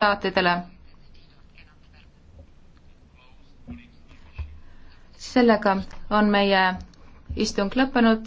kandidaatidele. sellega on meie istung lõppenud.